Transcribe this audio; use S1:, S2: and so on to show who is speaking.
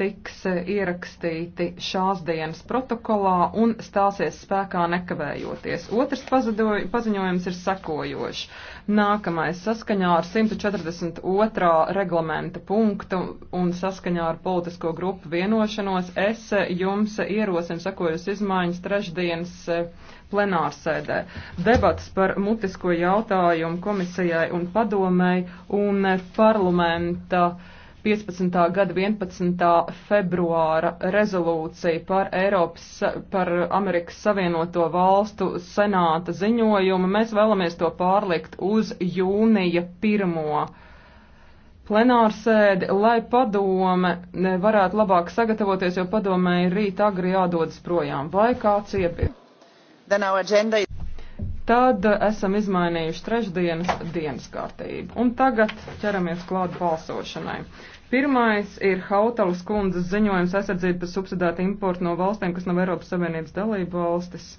S1: tiks eh, ierakstīti šās dienas protokolā un stāsies spēkā nekavējoties. Otrs paziņojums ir sekojošs. Nākamais saskaņā ar 142. reglamenta punktu un saskaņā ar politisko grupu vienošanos es eh, jums ierosinu sekojas izmaiņas trešdienas eh, plenārsēdē. Debats par mutisko jautājumu komisijai un padomēji un parlamenta 15. gada 11. februāra rezolūcija par, Eiropas, par Amerikas Savienoto valstu senāta ziņojumu. Mēs vēlamies to pārlikt uz jūnija 1 plenārsēdi, lai padome varētu labāk sagatavoties, jo padomē ir rīt agri jādodas projām. Vai kāds iebilst? Tad eh, esam izmainījuši trešdienas dienas kārtību. Un tagad ķeramies klāt balsošanai. Pirmais ir Hautalas kundzes ziņojums aizsardzība par subsidētu importu no valstīm, kas nav Eiropas Savienības dalība valstis.